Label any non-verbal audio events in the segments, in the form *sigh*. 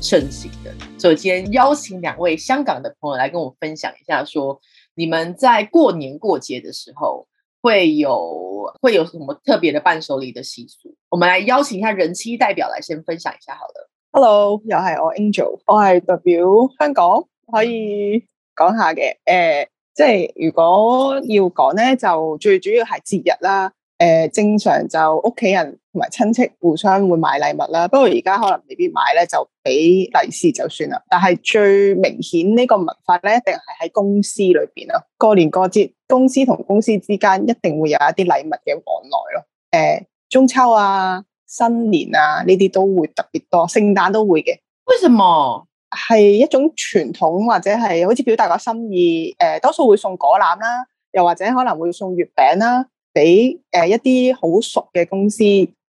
盛行的，首先邀請兩位香港的朋友來跟我分享一下，說你們在過年過節的時候會有會有什麼特別的伴手禮的習俗？我們來邀請一下人妻代表來先分享一下，好了。Hello，又係我 Angel，我係代表香港可以講一下嘅，誒、呃，即係如果要講呢，就最主要係節日啦，誒、呃，正常就屋企人。同埋親戚互相會買禮物啦，不過而家可能未必買咧，就俾利是就算啦。但係最明顯呢個文化咧，一定係喺公司裏邊咯。過年過節，公司同公司之間一定會有一啲禮物嘅往來咯。誒、呃，中秋啊、新年啊，呢啲都會特別多，聖誕都會嘅。為什麼？係一種傳統或者係好似表達個心意。誒、呃，多數會送果籃啦，又或者可能會送月餅啦，俾誒、呃、一啲好熟嘅公司。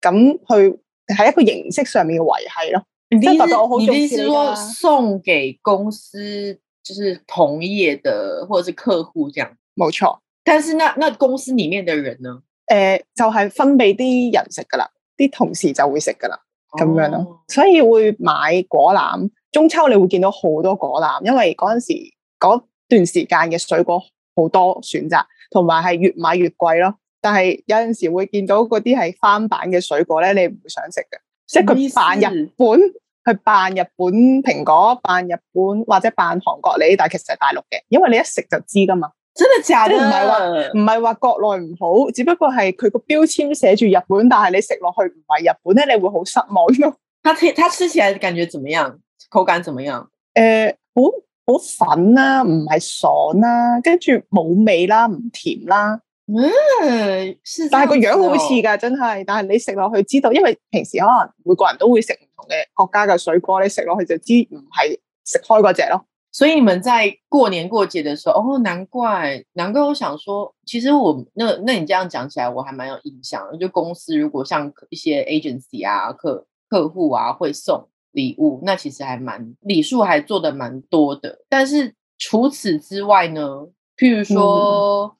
咁去係一個形式上面嘅維繫咯，即係大概我好意思，就是啊、意思說送給公司，就是同業的，或者是客戶這樣。冇錯，但是那那公司裏面的人呢？誒、呃，就係、是、分俾啲人食噶啦，啲同事就會食噶啦，咁、哦、樣咯。所以會買果籃，中秋你會見到好多果籃，因為嗰陣時嗰段時間嘅水果好多選擇，同埋係越買越貴咯。但係有陣時會見到嗰啲係翻版嘅水果咧，你唔會想食嘅，即係佢扮日本，佢扮日本蘋果，扮日本或者扮韓國，你但係其實係大陸嘅，因為你一食就知噶嘛。真係，即係唔係話唔係話國內唔好，只不過係佢個標籤寫住日本，但係你食落去唔係日本咧，你會好失望咯。他吃它吃起來感覺怎麼樣？口感怎麼樣？誒、呃，好好粉啦、啊，唔係爽啦、啊，跟住冇味啦，唔甜啦、啊。嗯、啊，是的，但係個樣好似噶，真係。但係你食落去知道，因為平時可能每個人都會食唔同嘅國家嘅水果，你食落去就知唔係食開嗰隻咯。所以你們在過年過節的時候，哦，難怪，難怪。我想說，其實我，那，那你這樣講起來，我還蠻有印象。就公司如果像一些 agency 啊客客戶啊會送禮物，那其實還蠻禮數，禮數還做得蠻多的。但是除此之外呢，譬如說。嗯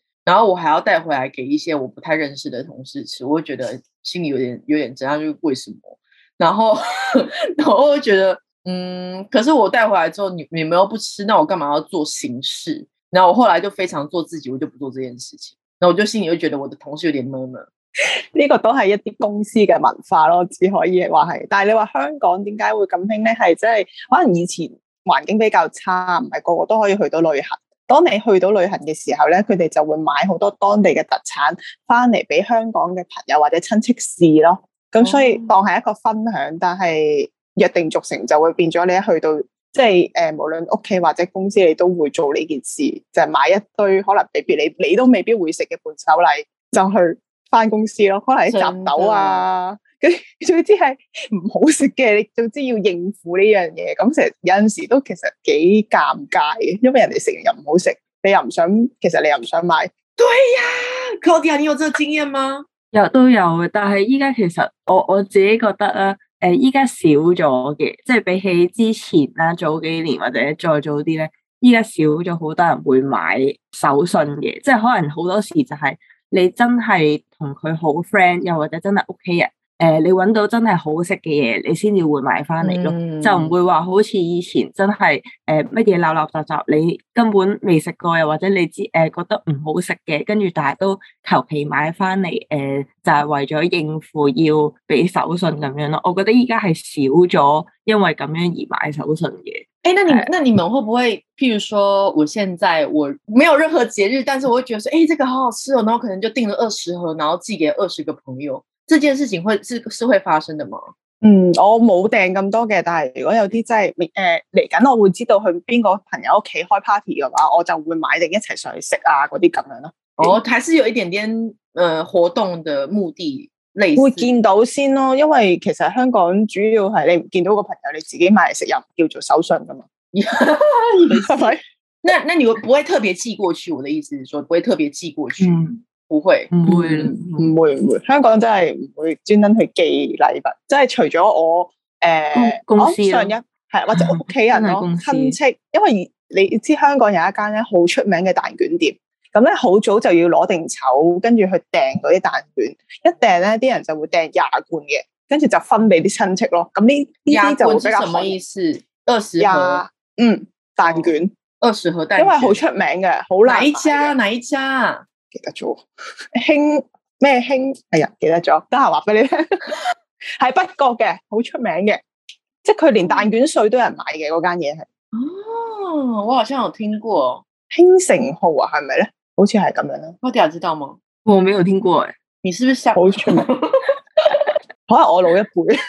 然後我還要帶回來給一些我不太認識的同事吃，我會覺得心裏有點有點驚訝，就是、為什麼？然後然後我覺得嗯，可是我帶回來之後，你你們又不吃，那我幹嘛要做形式？然後我後來就非常做自己，我就不做這件事情。然後我就心裏都覺得我的同事有點悶悶。呢個都係一啲公司嘅文化咯，只可以話係。但係你話香港點解會咁興呢？係即係可能以前環境比較差，唔係個，個個都可以去到旅行。當你去到旅行嘅時候咧，佢哋就會買好多當地嘅特產翻嚟俾香港嘅朋友或者親戚試咯。咁、哦、所以當係一個分享，但係約定俗成就會變咗你一去到，即係誒，無論屋企或者公司，你都會做呢件事，就是、買一堆可能特別你你都未必會食嘅伴手禮，就去翻公司咯，可能喺雜豆啊。跟 *laughs* 總之係唔好食嘅，你總之要應付呢樣嘢，咁成有陣時都其實幾尷尬嘅，因為人哋食完又唔好食，你又唔想，其實你又唔想買。對呀，嗰啲人要真嘅經驗嗎？有都有，但係依家其實我我自己覺得咧、啊，誒依家少咗嘅，即係比起之前啦、啊，早幾年或者再早啲咧，依家少咗好多人會買手信嘅，即係可能好多時就係你真係同佢好 friend，又或者真係屋企人。誒、呃，你搵到真係好食嘅嘢，你先至會買翻嚟咯，就唔會話好似以前真係誒乜嘢鬧鬧雜雜，你根本未食過又或者你知誒、呃、覺得唔好食嘅，跟住大家都求其買翻嚟誒，就係、是、為咗應付要俾手信咁樣咯。我覺得依家係少咗因為咁樣而買手信嘅。誒、欸，那你、呃、那你們會不會，譬如說，我現在我沒有任何節日，但是我會覺得說，誒、欸，這個好好吃哦，然後可能就訂了二十盒，然後寄給二十個朋友。這件事情會是是會發生的嗎？嗯，我冇訂咁多嘅，但係如果有啲真係誒嚟緊，呃、我會知道去邊個朋友屋企開 party 嘅話，我就會買定一齊上去食啊，嗰啲咁樣咯。我、哦、還是有一點點誒、呃、活動的目的類似，會見到先咯。因為其實香港主要係你見到個朋友，你自己買嚟食又叫做手信噶嘛，係 *laughs* 咪？ *laughs* *laughs* 那那你會不會特別寄過去，我的意思是說，不會特別寄過去。嗯唔會，唔會，唔會，唔會，唔會。香港真係唔會專登去寄禮物，即、就、係、是、除咗我誒、呃公，哦嗯、公司，上一係或者屋企人咯，親戚。因為你知香港有一間咧好出名嘅蛋卷店，咁咧好早就要攞定籌，跟住去訂嗰啲蛋卷。一訂咧，啲人就會訂廿罐嘅，跟住就分俾啲親戚咯。咁呢啲就會比較好。廿嗯蛋卷，哦、二十盒蛋卷，因為好出名嘅，好難。奶茶，奶茶。記得咗，興咩興？哎呀，記得咗，等下話俾你聽，係 *laughs* 北角嘅，好出名嘅，即係佢連蛋卷碎都有人買嘅嗰間嘢係。哦，我好似有聽過，興城號啊，係咪咧？好似係咁樣咧。我哋又知道嗎？我沒有聽過，誒，你是不是吓？好出名 *laughs* 可能我老一輩。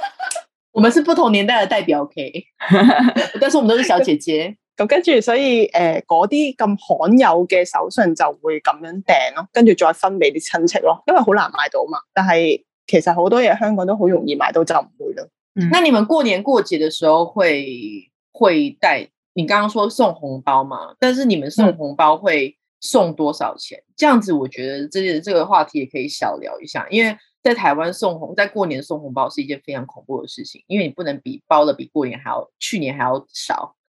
*laughs* 我們是不同年代嘅代表，K， *laughs* *laughs* 但是我們都是小姐姐。咁跟住，所以誒嗰啲咁罕有嘅手信就會咁樣訂咯，跟住再分俾啲親戚咯，因為好難買到嘛。但係其實好多嘢，香港都好容易買到，就唔會咯。嗯，那你們過年過節的時候會會帶？你剛剛說送紅包嘛？但是你們送紅包會送多少錢？嗯、這樣子我覺得，這這個話題也可以少聊一下。因為在台灣送紅，在過年送紅包是一件非常恐怖的事情，因為你不能比包的比過年還要，去年還要少。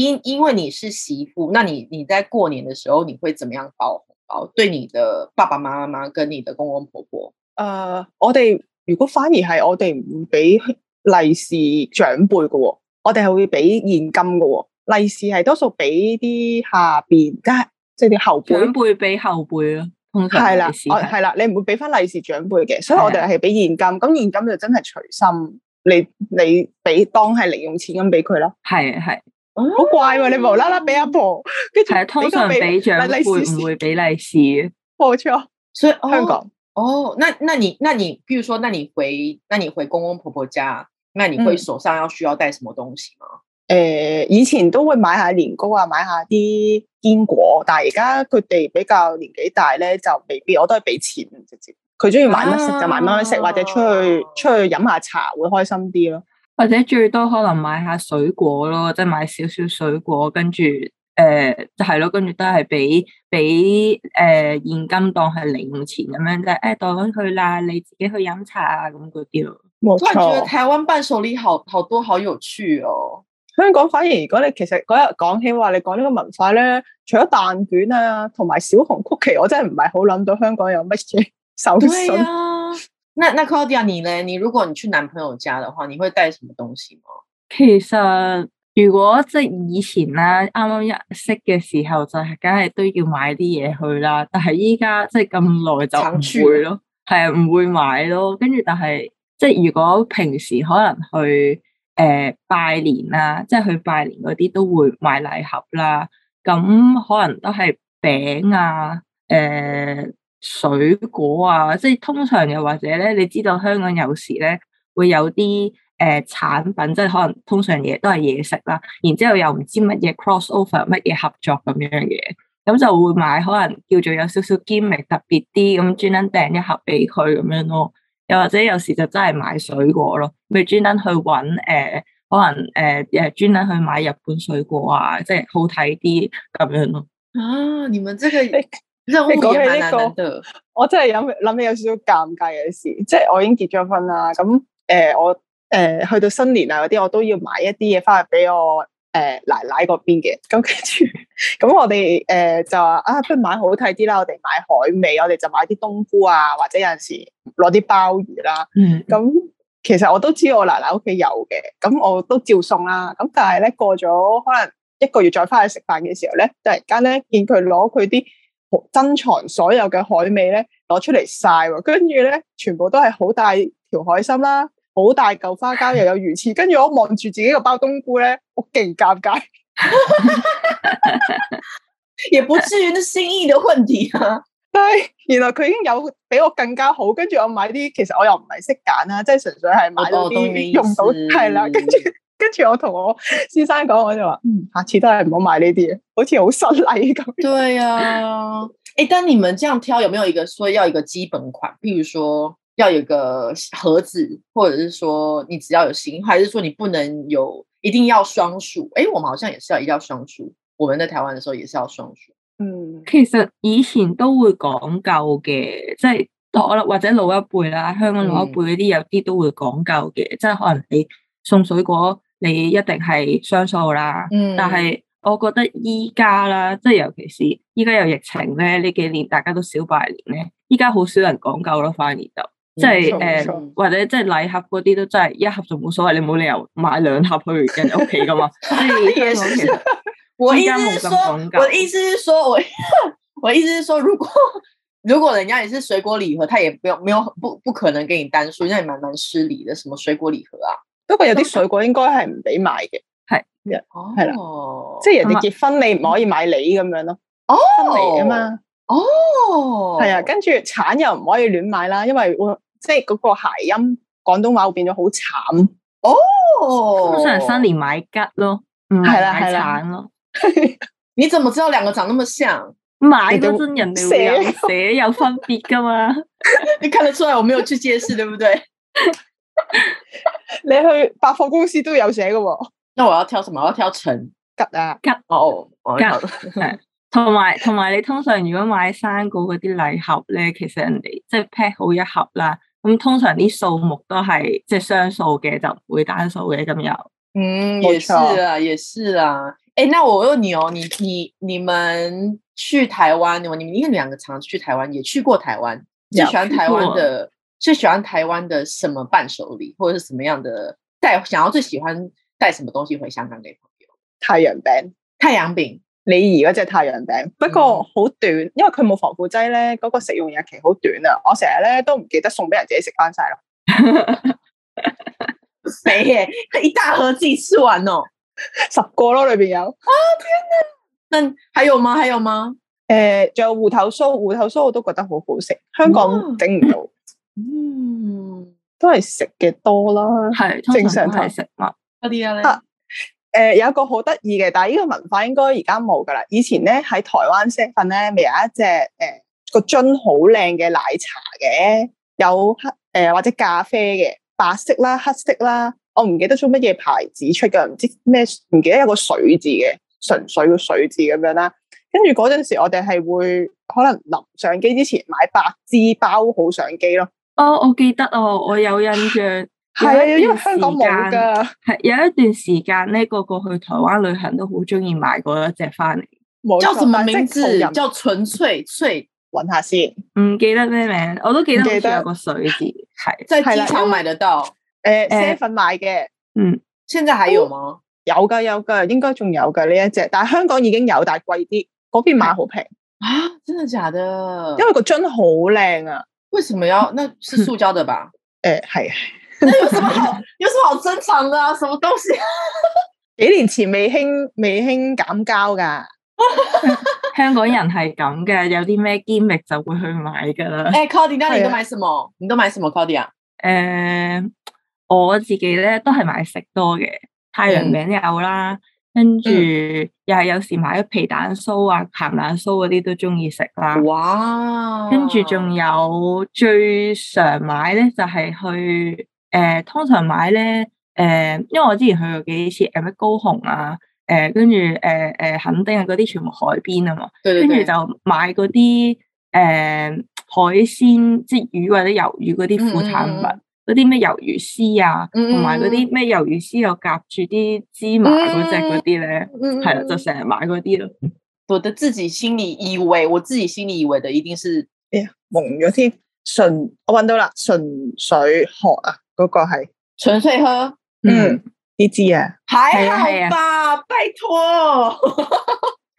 因因為你是媳婦，那你你在過年的時候，你會怎麼樣包紅包？對你的爸爸媽媽跟你的公公婆婆？誒、呃，我哋如果反而係我哋唔會俾利是長輩嘅，我哋係會俾現金嘅，利是係多數俾啲下邊，即係即係啲後輩，後長輩俾後輩咯，係啦，係啦，你唔會俾翻利是長輩嘅，所以我哋係俾現金，咁現金就真係隨心，你你俾當係零用錢咁俾佢咯，係係。好、哦、怪喎、啊哦！你無啦啦俾阿婆，係啊，通常俾長輩唔會俾利是。冇錯，所以香港，哦，哦那那你那你，譬如說，那你回，那你回公公婆婆家，那你會手上要需要帶什麼東西嗎？誒、嗯呃，以前都會買下年糕啊，買下啲堅果，但係而家佢哋比較年紀大咧，就未必，我都係俾錢直接。佢中意買乜食就買乜食，啊，或者出去、啊、出去飲下茶會開心啲咯。或者最多可能買一下水果咯，即、就、係、是、買少少水果，跟住誒係咯，跟、呃、住、就是、都係俾俾誒現金當係零用錢咁樣啫，誒帶翻去啦，你自己去飲茶啊咁嗰啲咯。冇錯。台灣伴手禮好好多，好有趣哦。香港反而如果你其實嗰日講起話，你講呢個文化咧，除咗蛋卷啊，同埋小熊曲奇，我真係唔係好諗到香港有乜嘢手信、 *laughs* 啊。那那 Cody 啊，你咧？你如果你去男朋友家嘅話，你會帶什麼東西嗎？其實如果即係以前咧，啱啱一識嘅時候就係梗係都要買啲嘢去啦。但係依家即係咁耐就唔會咯，係啊，唔會買咯。跟住但係即係如果平時可能去誒、呃、拜年啦、啊，即、就、係、是、去拜年嗰啲都會買禮盒啦。咁可能都係餅啊，誒、呃。水果啊，即係通常又或者咧，你知道香港有時咧會有啲誒、呃、產品，即係可能通常嘢都係嘢食啦。然之後又唔知乜嘢 cross over 乜嘢合作咁樣嘢，咁就會買可能叫做有少少 gimmick 特別啲，咁專登訂一盒俾佢咁樣咯。又或者有時就真係買水果咯，咪專登去搵誒、呃，可能誒誒專登去買日本水果啊，即係好睇啲咁樣咯。啊，你問即係。 *laughs* *music* 你講起呢、這個，我真係有諗起有少少尷尬嘅事。即、就、係、是、我已經結咗婚啦，咁誒、呃，我誒、呃、去到新年啊嗰啲，我都要買一啲嘢翻去俾我誒、呃、奶奶嗰邊嘅。咁跟住，咁我哋誒、呃、就話啊，不如買好睇啲啦。我哋買海味，我哋就買啲冬菇啊，或者有陣時攞啲鮑魚啦。咁、嗯、其實我都知我奶奶屋企有嘅，咁我都照送啦。咁但係咧過咗可能一個月再翻去食飯嘅時候咧，突然間咧見佢攞佢啲。珍藏所有嘅海味咧，攞出嚟晒，跟住咧全部都係好大條海參啦，好大嚿花膠，又有魚翅，跟住我望住自己個包冬菇咧，我勁尷尬， *laughs* *laughs* *laughs* 也不至於是心意的問題啊！但係原來佢已經有比我更加好，跟住我買啲其實我又唔係識揀啦，即係純粹係買到啲用到係啦，跟住。跟住我同我先生講，我就話：嗯，下次都係唔好買呢啲好似好失禮咁。對呀，啊，誒，但你們這樣挑，有沒有一個說要一個基本款？譬如說要有一個盒子，或者是說你只要有形，還是說你不能有？一定要雙數？誒，我們好像也是要一定要雙數。我們在台灣的時候也是要雙數。嗯，其實以前都會講究嘅，即係我或者老一輩啦，香港老一輩嗰啲有啲都會講究嘅，即係可能你送水果。你一定係雙數啦，嗯、但係我覺得依家啦，即、就、係、是、尤其是依家有疫情咧，呢幾年大家都少拜年咧，依家好少人講究咯，反而都、嗯、就即係誒，或者即係禮盒嗰啲都真係一盒就冇所謂，你冇理由買兩盒去入屋企噶嘛。我依家冇咁講究，嗯、 *laughs* okay, 我意思係說，說，我意思說我意思是說，如果如果人家你是水果禮盒，他也不用，沒有不不可能給你單數，那也蠻蠻失禮的，什麼水果禮盒啊？不過有啲水果應該係唔俾買嘅，係，係、哦、啦，即係、就是、人哋結婚你唔可以買梨咁樣咯，哦，嚟嘅嘛，哦，係啊，跟住橙又唔可以亂買啦，因為會即係嗰個諧音，廣東話會變咗好慘，哦，通常新年買桔咯，係啦，係橙咯，是的 *laughs* 你怎麼知道兩個長那麼像？買都人哋寫又有分別㗎嘛 *laughs* 你看得出來我沒有去街市， *laughs* 對不對？ *laughs* 你去百貨公司都有寫噶，那我要挑什麼？我要挑橙桔啊，桔哦，桔同埋同埋， *laughs* 你通常如果買生果嗰啲禮盒咧，其實人哋即係 pack 好一盒啦。咁通常啲數目都係即係雙數嘅，就唔會單數嘅咁又，嗯，也是啊，也是啊。誒、欸，那我問你哦，你你你們去台灣，你你呢兩個常去台灣，也去過台灣，最喜歡台灣嘅。最喜歡台灣的什麼伴手禮，或者是什麼樣的帶想要最喜歡帶什麼東西回香港嘅朋友？太陽餅，太陽餅，你以為即係太陽餅，嗯、不過好短，因為佢冇防腐劑咧，嗰、嗰個食用日期好短啊！我成日咧都唔記得送俾人自己食翻晒咯。肥 *laughs* 耶， *laughs* *laughs* *laughs* 一大盒自己吃完囉， *laughs* 十個囉，裏面有。啊天啊！那還有嗎？還有嗎？誒、呃，仲有芋頭酥，芋頭酥我都覺得很好好食，香港整、哦、唔到。 *laughs* 嗯，都係食嘅多啦，係正常就係食物一啲咧。誒、啊呃，有一個好得意嘅，但係呢個文化應該而家冇噶啦。以前咧喺台灣食份咧，咪有一隻誒、呃、個樽好靚嘅奶茶嘅，有黑誒、呃、或者咖啡嘅，白色啦、黑色啦，我唔記得做乜嘢牌子出噶，唔知咩，唔記得有個水字嘅，純粹個水字咁樣啦。跟住嗰陣時候我們，我哋係會可能臨上機之前買八支包好上機咯。哦，我記得哦，我有印象。係啊是，因為香港冇噶，係有一段時間咧，個個去台灣旅行都好中意買嗰一隻翻嚟。叫什麼名字？叫純粹翠，揾下先。唔記得咩名？我都記得好似有個水字，係。即係之前買得到。誒，seven 買嘅。嗯，現在還有嗎？有、哦、噶，有噶，應該仲有噶呢一隻。但係香港已經有，但係貴啲，嗰邊買好平。啊，真的假的？因為個樽好靚啊。為什麼要？那是塑膠的吧？誒、嗯、係、呃。那有什麼好有什麼好珍藏的啊？什麼東西、啊？幾年前未興未興減膠噶。 *laughs* 香港人係咁嘅，有啲咩堅力就會去買噶啦。誒 Cody 買什麼？你都買什麼 Cody 啊。誒、呃，我自己咧都係買食多嘅，太陽餅有啦，嗯、跟住。嗯又係有時買咗皮蛋酥啊、鹹蛋酥嗰啲都中意食啦。哇！跟住仲有最常買咧，就係、是、去誒、呃，通常買咧誒、呃，因為我之前去過幾次，誒咩高雄啊，誒、呃、跟住誒誒墾丁啊嗰啲全部海邊啊嘛，對對對跟住就買嗰啲誒海鮮，即魚或者魷魚嗰啲副產品。嗯嗯嗰啲咩魷魚絲啊，同埋嗰啲咩魷魚絲又夾住啲芝麻嗰隻嗰啲咧，係、嗯、啦、啊，就成日買嗰啲咯。我的自己心裏以為，我自己心裏以為的一定是，哎、欸、呀，懵咗添。純我搵到啦，純粹喝啊，嗰、那個係純粹喝。嗯，你、嗯、支啊？還好吧，啊、拜託，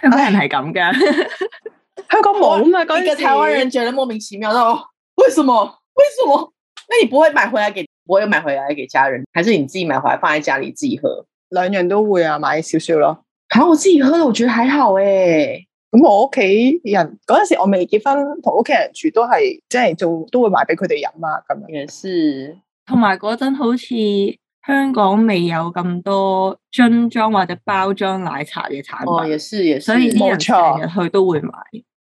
有冇人係咁噶？啊 *laughs* 哎、 *laughs* 香港冇啊，一個台灣人覺得莫名其妙，到、哦、為什麼？為什麼？那你不會買回來給，買回來給家人，還是你自己買回來放喺家裏自己喝？兩樣都會啊，買少少咯。然後我自己喝，嗯、我覺得還好誒。咁我屋企人嗰陣時，我未結婚，同屋企人住都係，即係做都會買俾佢哋飲啊。咁樣也是。同埋嗰陣好似香港未有咁多樽裝或者包裝奶茶嘅產品，哦，也是，也是。所以冇錯，去都會買。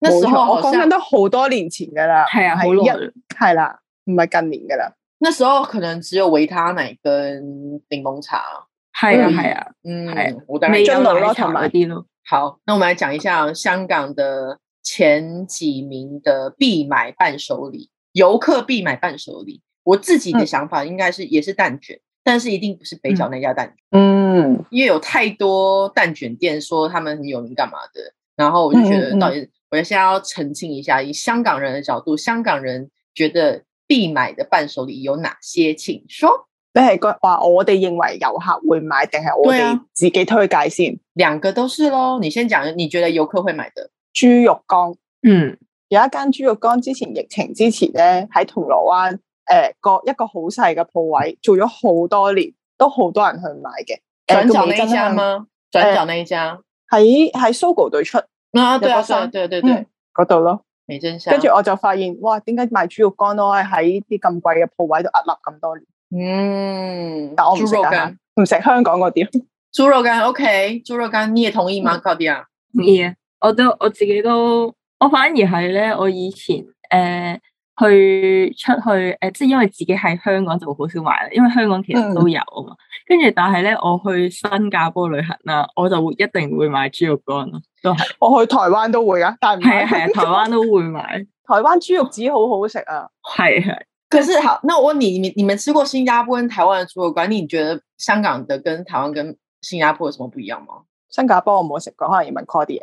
那時候我講緊都好多年前噶啦，係啊，好耐，係啦。唔係咁明嘅啦，那時候可能只有維他奶跟檸檬茶，係啊係啊，嗯，未有奶茶嗰啲咯。好，那我們來講一下香港的前幾名的必買伴手禮，遊客必買伴手禮。我自己的想法應該是也是蛋卷，嗯，但是一定不是北角那家蛋卷，嗯。嗯，因為有太多蛋卷店說他們很有名，幹嘛的？然後我就覺得，到底嗯，嗯，嗯我要先要澄清一下，以香港人的角度，香港人覺得。必買的伴手禮有哪些？請說。你係話我哋認為遊客會買，定係我哋自己推介先？兩、啊、個都是咯。你先講，你覺得遊客會買的？豬肉乾，嗯，有一間豬肉乾，之前疫情之前咧喺銅鑼灣誒個一個好細嘅鋪位，做咗好多年，都好多人去買嘅。轉、呃、角那一家嗎？轉、呃、角那一家喺喺 Sogo 對出啊，對啊？對對對，對嗰度、嗯、咯。跟住我就發現，哇，點解賣豬肉乾都可以喺啲咁貴嘅鋪位度屹立咁多年？嗯，但我唔食嘅，唔食香港嗰啲。豬肉乾喺屋企，豬肉乾、okay、豬肉乾、你哋同意嗎？嗰、嗯、啲啊，同意啊！我都我自己都，我反而係咧，我以前誒。呃去出去誒，即係因為自己喺香港就好少買啦，因為香港其實都有啊嘛。跟住，但係咧，我去新加坡旅行啦，我就會一定會買豬肉乾咯，都係。我去台灣都會啊，但係係啊，台灣都會買。台灣豬肉乾好好食啊，係係。可是好，那我問你，你們你們吃過新加坡跟台灣的豬肉乾？你覺得香港的跟台灣跟新加坡有什麼不一樣嗎？新加坡我冇食過，可能要問 Cordia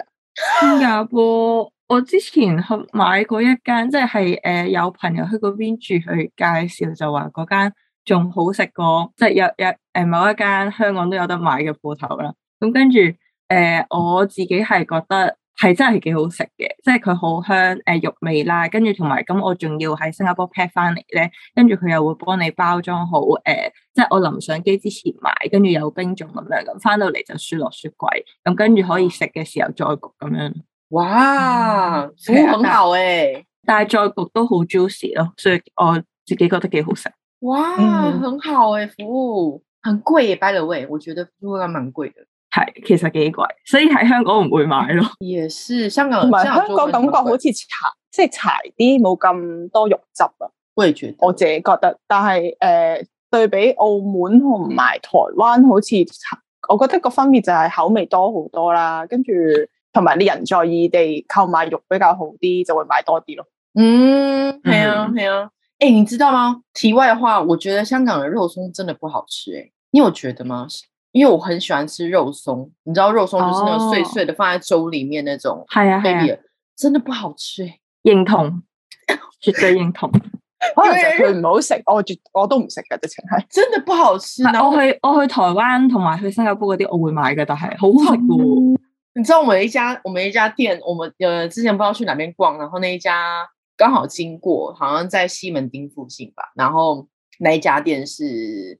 新加坡，我之前去買過一間，即係誒有朋友去嗰邊住，去介紹就話嗰間仲好食過，即係有有誒某一間香港都有得買嘅鋪頭啦。咁跟住誒我自己係覺得。係真係幾好食嘅，即係佢好香誒、呃、肉味啦，跟住同埋咁我仲要喺新加坡 pack 翻嚟咧，跟住佢又會幫你包裝好誒、呃，即係我臨上機之前買，跟住有冰凍咁樣咁，翻到嚟就雪落雪櫃，咁跟住可以食嘅時候再焗咁樣。哇，服、嗯、好誒、欸，但係再焗都好 juicy 咯，所以我自己覺得幾好食。哇，嗯、很好誒、欸，服務很貴嘅，by the way，我覺得服務咁蠻貴嘅。係其實幾貴，所以喺香港唔會買咯。也是香港同埋香港感覺好似柴，即係柴啲，冇咁多肉汁啊。我亦覺得，我淨係覺得，但係誒，對比澳門同埋台灣，好似我覺得個分別就係口味多好多啦。跟住同埋啲人在異地購買肉比較好啲，就會買多啲咯。嗯，係啊，係啊。誒，你知道嗎？題外話，我覺得香港嘅肉鬆真的不好吃，誒。你我覺得嘛。因為我很喜歡吃肉鬆，你知道肉鬆就是那種碎碎的放在粥裏面那種，係、oh. 啊，啊，真的不好吃，認同， *laughs* 絕對認同， *laughs* 可能就是佢唔好食，我覺我都唔食噶，直情係真的不好吃。然後我去我去台灣同埋去新加坡嗰啲我會買噶，但係好食噶、嗯。你知道我們一家我們一家店，我們呃之前不知道去哪邊逛，然後那一家剛好經過，好像在西門町附近吧。然後那一家店是。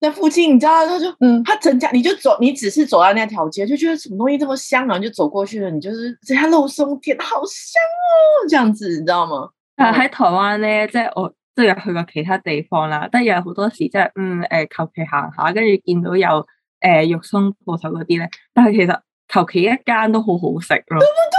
在附近，你知道？他就嗯，他整家你就走，你只是走到那條街，就覺得什麼東西這麼香啊，你就走過去了。你就是這家肉鬆甜，好香哦，啊，這樣子，你知道嗎？但、啊、喺台灣呢，即係我都有去過其他地方啦，但係有好多時即係嗯，誒、呃，求其行下，跟住見到有誒、呃、肉鬆鋪頭嗰啲咧，但係其實求其一間都好好食咯。對對對。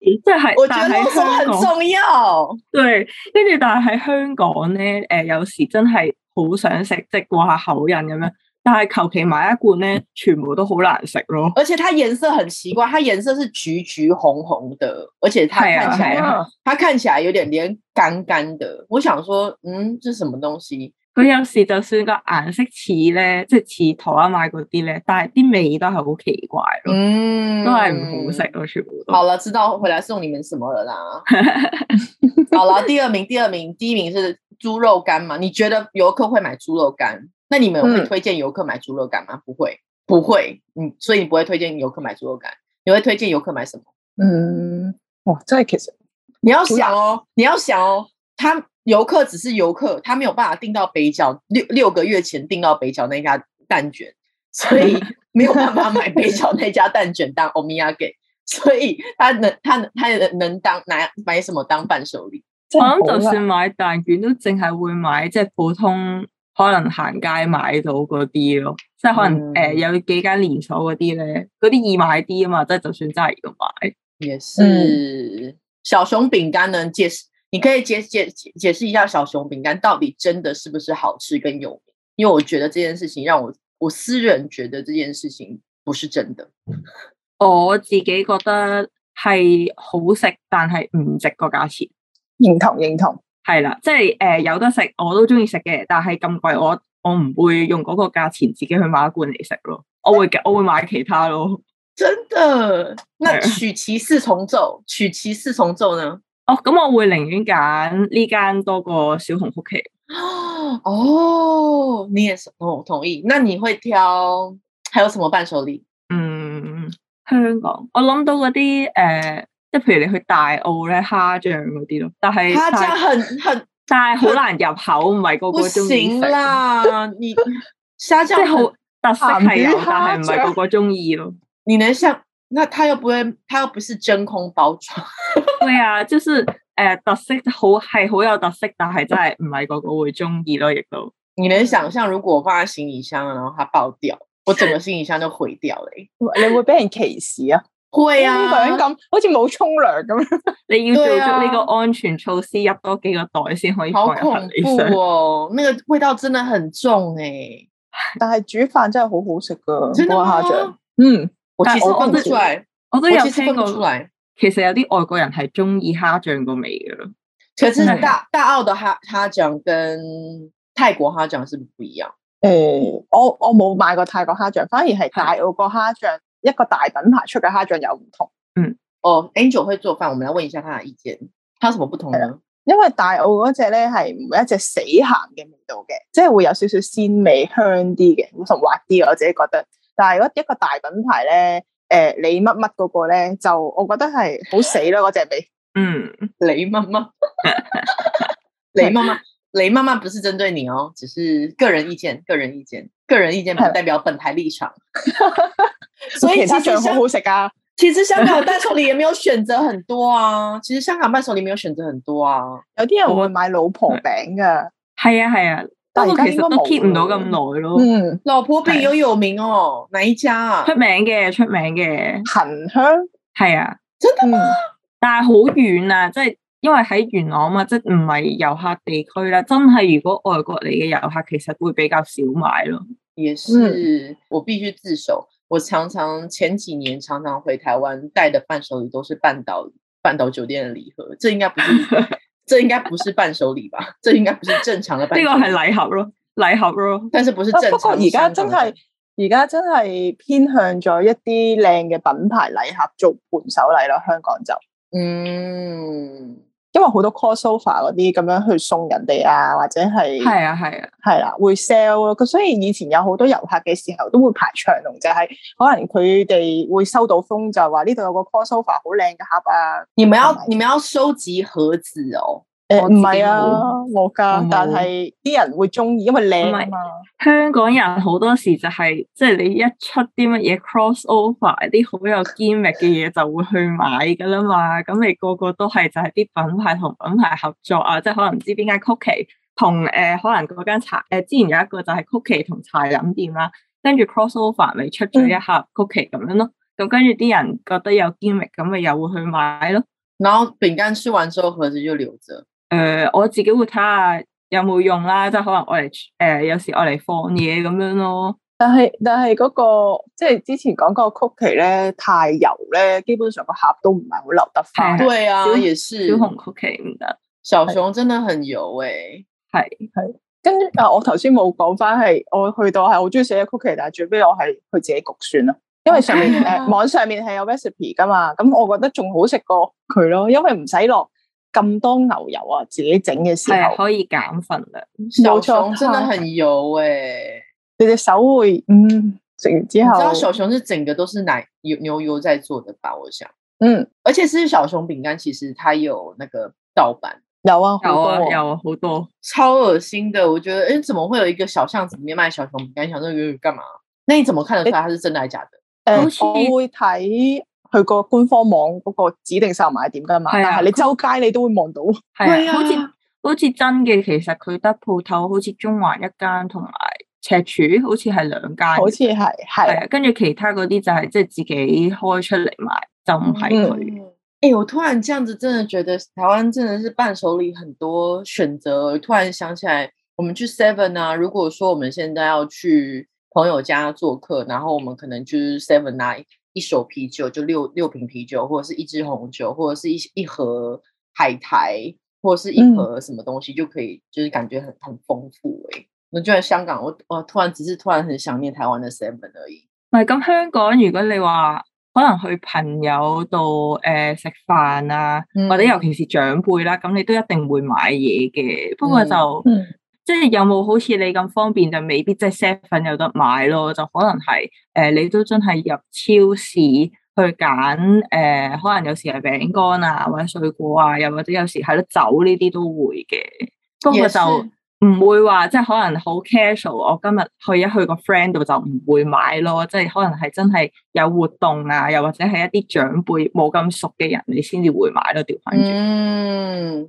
即係我覺得呢個很重要。對，跟住但係喺香港咧，誒、呃，有時真係好想食即係掛下口癮咁樣，但係求其買一罐咧，全部都好難食咯。而且它顏色很奇怪，它顏色是橘橘紅紅的，而且它看起來、啊啊，它看起來有點點乾乾的。我想說，嗯，這是什麼東西？我有時就算個顏色似咧，即係似台灣買嗰啲咧，但係啲味都係好奇怪咯，嗯，都係唔好食咯，全部都、嗯。好了，知道回來送你們什麼了啦？ *laughs* 好了，第二名，第二名，第一名是豬肉乾嘛？你覺得遊客會買豬肉乾？那你們有會推薦遊客買豬肉乾嗎、嗯？不會，不會。嗯，所以你不會推薦遊客買豬肉乾。你會推薦遊客買什麼？嗯，哇，真係其實你要想哦，你要想哦，他。遊客只是遊客，他沒有辦法訂到北角六六個月前訂到北角那家蛋卷，所以沒有辦法買北角那家蛋卷當 Omiyage，所以他能他他能當拿買什麼當伴手禮？好像就算買蛋卷都淨係會買即係、就是、普通，可能行街買到嗰啲咯，即係可能誒、嗯呃、有幾間連鎖嗰啲咧，嗰啲易買啲啊嘛，即係就算真係要買、嗯、也是、嗯、小熊餅乾能你可以解解解釋一下小熊餅乾到底真的是不是好吃跟有名？因為我覺得這件事情讓我我私人覺得這件事情不是真的。我自己覺得係好食，但係唔值個價錢。認同認同，係啦，即係誒、呃、有得食我都中意食嘅，但係咁貴我我唔會用嗰個價錢自己去買一罐嚟食咯。我會我會買其他咯。真的？那曲奇四重奏，曲奇四重奏呢？哦，咁我會寧願揀呢間多過小紅屋企。哦，你也是，我同意。那你會挑？還有什麼伴手禮？嗯，香港我諗到嗰啲誒、即、呃、係譬如你去大澳咧，蝦醬嗰啲咯。但係蝦醬很很，但係好難入口，唔、嗯、係個個中意食啦。蝦醬好特色係啊、嗯，但係唔係個個中意咯。你能那它又不會，它又不是真空包裝。 *laughs* 對啊，就是誒、呃，特色好係好有特色，但係真係唔係個個會中意咯，亦都。你能想象如果我放喺行李箱，然後它爆掉，我整個行李箱都毀掉你， *laughs* 你會俾人歧 a 啊？會 *laughs* 啊，想咁好似冇沖涼咁。 *laughs* 你要做足呢個安全措施，入多，多幾個袋先可以放入行李箱。咩、哦？喂，但係真的很重誒，但係煮飯真係好好食噶，我下場，嗯。但其我，我其實分得出嚟，我都有聽過。其實，出其實有啲外國人係鍾意蝦醬個味嘅咯。其實真係大澳的蝦蝦醬跟泰國蝦醬咪唔一樣。誒、嗯，我我冇買過泰國蝦醬，反而係大澳個蝦醬一個大品牌出嘅蝦醬有唔同。嗯，哦，Angel 可以做飯，我哋嚟問一下佢嘅意見。佢有什麼不同咧？因為大澳嗰隻咧係唔會一隻死鹹嘅味道嘅，即係會有少少鮮味、香啲嘅，同滑啲。我自己覺得。但係如果一個大品牌咧，誒、呃，你乜乜嗰個咧，就我覺得係好死咯，嗰隻鼻。嗯，你乜乜，你乜乜？你乜乜？唔係針對你哦，只是個人意見，個人意見，個人意見唔代表本台立場。 *laughs* *laughs* 所以其，好、啊、 *laughs* 其實香港好食啊，其實香港伴手禮也沒有選擇很多啊， *laughs* 其實香港伴手禮沒有選擇很多啊， *laughs* 有啲、啊、 *laughs* 人會買老婆餅噶，係啊係啊。不過其實都 keep 唔到咁耐咯。嗯，老婆餅好有，有名哦，哪一家、啊？出名嘅，出名嘅。恒香係啊，真係、嗯？但係好遠啊，即、就、係、是、因為喺元朗嘛，即唔係遊客地區啦。真係如果外國嚟嘅遊客，其實會比較少買咯。也是、嗯，我必須自首。我常常前幾年常常回台灣，帶的伴手禮都是半島半島酒店嘅禮盒，這應該不是。 *laughs* *laughs* 這應該不是伴手禮吧？這應該不是正常的。呢 *laughs* 個係禮盒咯，禮盒咯，但、啊、是不是正常。不過而家真係，而家真係偏向咗一啲靚嘅品牌禮盒做伴手禮咯。香港就嗯。因為好多 call sofa 嗰啲咁樣去送人哋啊，或者係係啊係啊係啦、啊，會 sell 咯。咁所以以前有好多遊客嘅時候都會排長龍，就係、是、可能佢哋會收到風就話呢度有個 call sofa 好靚嘅盒啊。你們要、啊、你們要收集盒子哦。誒、欸，唔係啊，我噶，但係啲人會中意，因為靚啊嘛。香港人好多時就係、是，即、就、係、是、你一出啲乜嘢 cross over，啲好有 gimmick 嘅嘢就會去買噶啦嘛。咁你個個都係就係、是、啲品牌同品牌合作啊，即、就、係、是、可能唔知邊間曲奇同誒、呃、可能嗰間茶誒之前有一個就係曲奇同茶飲店啦，跟住 cross over 咪出咗一盒 c o、嗯、曲奇咁樣咯。咁跟住啲人覺得有 gimmick 咁咪又會去買咯。然後餅乾吃完之後，盒子就留着。誒、呃，我自己會睇下有冇用啦、啊，即係可能我嚟誒，有時我嚟放嘢咁樣咯。但係但係嗰、那個即係、就是、之前講個曲奇咧，太油咧，基本上個盒都唔係好留得翻。對啊，小熊曲奇，小熊曲奇，小熊真的很油誒，係係。跟住啊，我頭先冇講翻係我去到係好中意食嘅曲奇，但係最尾我係去自己焗算啦，因為上面誒、okay。網上面係有 recipe 噶嘛，咁我覺得仲好食過佢咯，因為唔使落咁多牛油啊！自己整嘅時候可以減份量。小熊真的很油哎、欸，你哋手會嗯，整好。知道小熊是整個都是奶油牛油在做的吧？我想，嗯，而且是小熊餅乾其實它有那個盜版，有啊，好多啊，有啊，好多超惡心的。我覺得，誒，怎麼會有一個小巷子裡面賣小熊餅乾？想問佢幹嘛？那你怎麼看得出來它是真的還是假的？誒、欸嗯，我會睇。佢個官方網嗰個指定售賣點㗎嘛，是啊，但係你周街你都會望到。係啊，啊，好似好似真嘅，其實佢得鋪頭好似中環一間，同埋赤柱好似係兩間。好似係係。啊，啊，啊，啊，跟住其他嗰啲就係即係自己開出嚟賣，就唔係佢。誒、嗯欸，我突然這樣子，真的覺得台灣真的是伴手禮很多選擇。突然想起來，我們去 Seven 啊，如果說我們現在要去朋友家做客，然後我們可能去 Seven Night。一手啤酒就六六瓶啤酒，或者是一支紅酒，或者是一一盒海苔，或者是一盒什麼東西，嗯、就可以，就是感覺很很豐富哎。我就喺香港，我我突然只是突然很想念台灣的 Seven 而已。係、嗯，咁香港，如果你話可能去朋友度誒食飯啊、嗯，或者尤其是長輩啦，咁你都一定會買嘢嘅。不過就。嗯嗯即係有冇好似你咁方便就未必，即係 set 粉有得買咯，就可能係誒、呃，你都真係入超市去揀誒、呃，可能有時係餅乾啊或者水果啊，又或者有時係咯酒呢啲都會嘅，不過就唔會話即係可能好 casual。我今日去一去個 friend 度就唔會買咯，即係可能係真係有活動啊，又或者係一啲長輩冇咁熟嘅人，你先至會買咯，調返轉。嗯。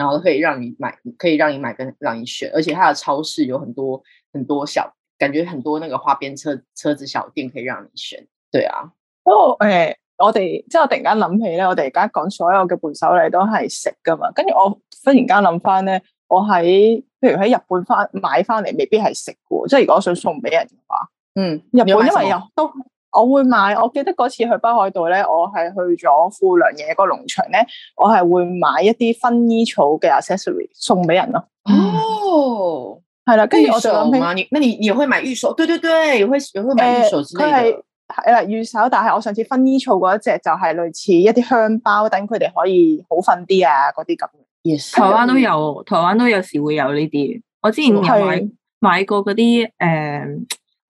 然後可以讓你買，可以讓你買跟讓你選，而且它的超市有很多很多小，感覺很多那個花邊車車子小店可以讓你選。對啊，不過誒，我哋即係我突然間諗起咧，我哋而家講所有嘅伴手禮都係食噶嘛，跟住我忽然間諗翻咧，我喺譬如喺日本翻買翻嚟未必係食噶，即係如果我想送俾人嘅話，嗯，日本因為又都。我會買，我記得嗰次去北海道咧，我係去咗富良野個農場咧，我係會買一啲薰衣草嘅 accessory 送俾人咯。哦，係啦，跟住我就諗起，你，那你你會買玉手？對對對，會，會買玉手之類嘅。係啦，玉手，但係我上次薰衣草嗰隻就係類似一啲香包，等佢哋可以好瞓啲啊，嗰啲咁。yes，台灣，台灣都有，台灣都有時會有呢啲。我之前有買，買過嗰啲誒。呃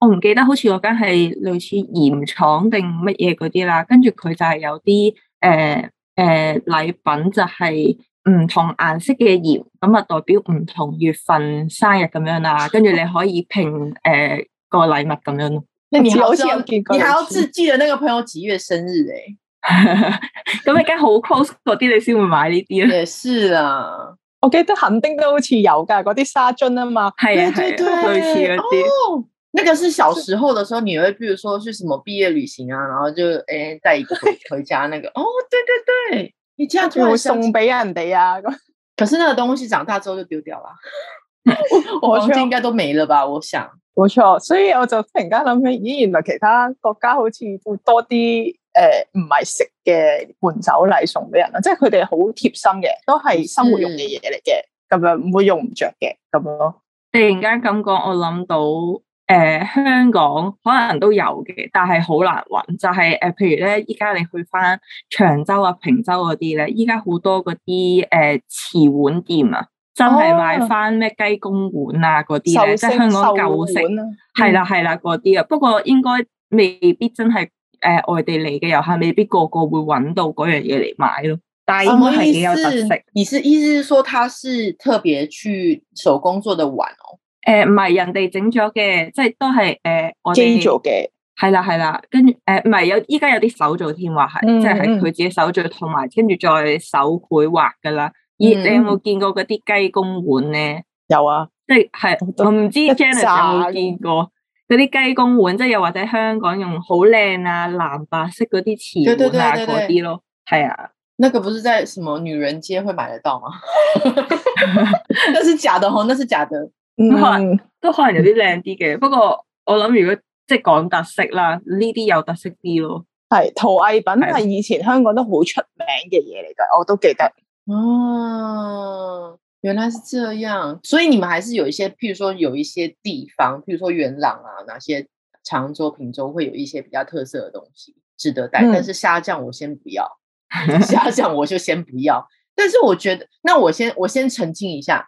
我唔記得，好似嗰間係類似鹽廠定乜嘢嗰啲啦。跟住佢就係有啲誒誒禮品就，就係唔同顏色嘅鹽，咁啊代表唔同月份生日咁樣啦。跟住你可以拼誒、呃、個禮物咁樣咯。你好似你還要自己嘅呢個朋友幾月生日誒？咁 *laughs* 你家好 close 啲，你先會買呢啲啊？也是啊，我記得肯定都好似有噶，嗰啲沙樽啊嘛，係啊係啊，類似嗰啲。哦那個是小時候的時候，你會，譬如說去什麼畢業旅行啊，然後就誒、哎、帶一個回， *laughs* 回家，那個哦，對對對，你這樣突然送俾人哋啊，咁，可是那個東西長大之後就丟掉了，我 *laughs* 金 *laughs* 應該都沒了吧？我想，冇錯，所以我就突然間諗起，咦，原來其他國家好似會多啲誒唔係食嘅伴手禮送俾人啊，即係佢哋好貼心嘅，都係生活用嘅嘢嚟嘅，咁樣唔會用唔着嘅咁咯。突然間咁講，我諗到。誒、呃，香港可能都有嘅，但係好難揾。就係、是、誒、呃，譬如咧，依家你去翻長洲啊、坪洲嗰啲咧，依家好多嗰啲誒瓷碗店啊，真係買翻咩雞公碗啊嗰啲咧，即係香港舊式。係、啊、啦係啦嗰啲啊，不過應該未必真係誒、呃、外地嚟嘅遊客未必個個會揾到嗰樣嘢嚟買咯。但係應該係幾有特色。你、呃、是意，意思是說，他是特別去手工做的碗。哦？誒、呃，唔係人哋整咗嘅，即係都係誒、呃、我哋做嘅，係啦係啦，跟住誒唔係有依家有啲手做添，話係、嗯、即係佢自己手做，同埋跟住再手繪畫噶啦。而，嗯、你有冇見過嗰啲雞公碗咧？有啊，即係係我唔知 Jenna 有冇見過嗰啲雞公碗，即係又或者香港用好靚啊藍白色嗰啲瓷碗啊嗰啲咯，係啊。那個不是在什麼女人街會買得到嗎？ *laughs* *laughs* *laughs* 那是假的哦，那是假的。咁都，嗯、都可能有啲靚啲嘅。不過我諗如果即係、就是、講特色啦，呢啲有特色啲咯。係陶藝品，係以前香港都好出名嘅嘢嚟噶，我都記得。哦，原來是這樣。所以你們還是有一些，譬如說有一些地方，譬如說元朗啊，哪些長洲、坪洲會有一些比較特色嘅東西值得帶。嗯、但是蝦醬我先不要，蝦醬我就先不要。 *laughs* 但是我覺得，那我先我先澄清一下。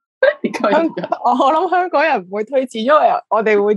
*laughs* 我我諗香港人唔會推薦，因為我哋會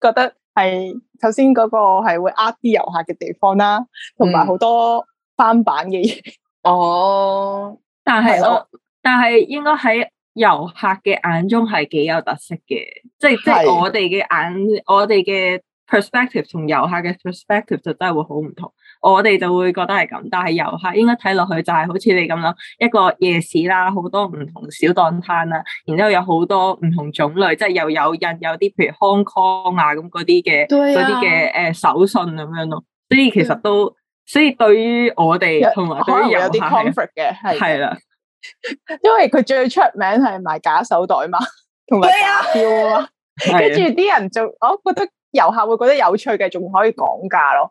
覺得係頭先嗰個係會呃啲遊客嘅地方啦，同埋好多翻版嘅嘢。哦，但係我，是但係應該喺遊客嘅眼中係幾有特色嘅，就是，即係即係我哋嘅眼，我哋嘅 perspective 同遊客嘅 perspective 就真係會好唔同。我哋就會覺得係咁，但係遊客應該睇落去就係好似你咁咯，一個夜市啦，好多唔同小檔攤啦，然之後有好多唔同種類，即係又有印有啲譬如 Hong Kong 啊咁嗰啲嘅，啲嘅誒手信咁樣咯。所以其實都，嗯、所以對於我哋同埋對於遊客嘅係啦， *laughs* 因為佢最出名係賣假手袋嘛，同埋假錶啊，跟住啲人就……我、哦、覺得遊客會覺得有趣嘅，仲可以講價咯。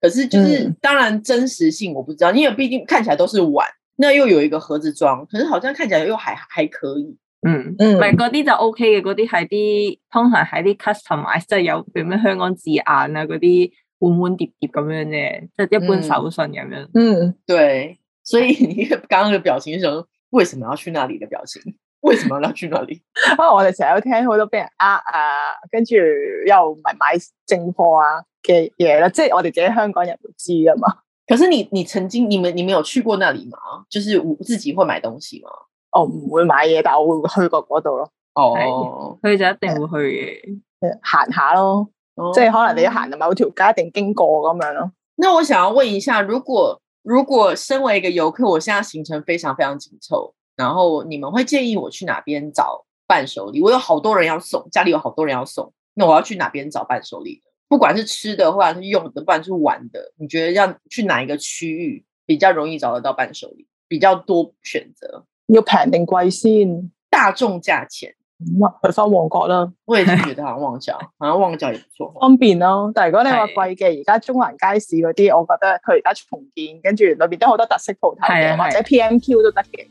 可是，就是、嗯、當然真實性我不知道，因為畢竟看起來都是碗，那又有一個盒子裝，可是好像看起來又還還可以。嗯嗯，咪嗰啲就 O K 嘅，嗰啲係啲通常係啲 customize，即係有叫咩香港字眼啊嗰啲，碗碗碟碟咁樣啫，即、就、係、是、一般手信咁樣嗯。嗯，對，所以你剛剛的表情就說為什麼要去那裡的表情？為什麼要去那裡、 *laughs* 啊？我哋成日聽好多俾人呃啊，啊，跟住又唔買正貨啊。嘅嘢啦，即、就、係、是、我哋自己在香港人會知啊嘛。可是你你曾經，你們你們有去過那裡嗎？就是我自己會買東西嗎？我、哦、唔會買嘢，但我會去過嗰度、哦哎、咯。哦，所以就一定會去嘅，行下咯，即係可能你行到某條街，一定經過咁樣咯。那我想要問一下，如果如果身為一個遊客，我現在行程非常非常緊湊，然後你們會建議我去哪邊找伴手禮？我有好多人要送，家裡有好多人要送，那我要去哪邊找伴手禮？不管是吃的話，或者是用的，不管是玩的，你覺得要去哪一個區域比較容易找得到伴手禮，比較多選擇？要平定貴先？大眾價錢？咁去翻旺角啦。我也是覺得好像旺角， *laughs* 好像旺角也不錯，方便咯、啊。但如果你話貴嘅，而家中環街市嗰啲，我覺得佢而家重建，跟住裏邊都好多特色鋪頭、啊、或者 PMQ 都得嘅。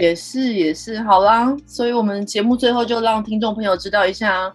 也是、啊、是，是也是，好啦，所以我們節目最後就讓聽眾朋友知道一下。